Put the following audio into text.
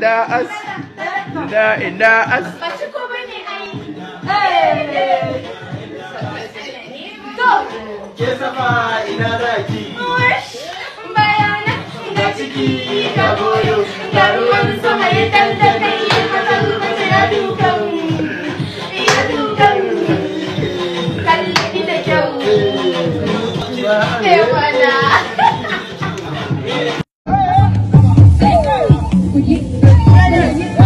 inda as inda inda as ko bane ai eh. to ke safa ina zaki bayana da ciki da goyo da ruwan sama ya da 对。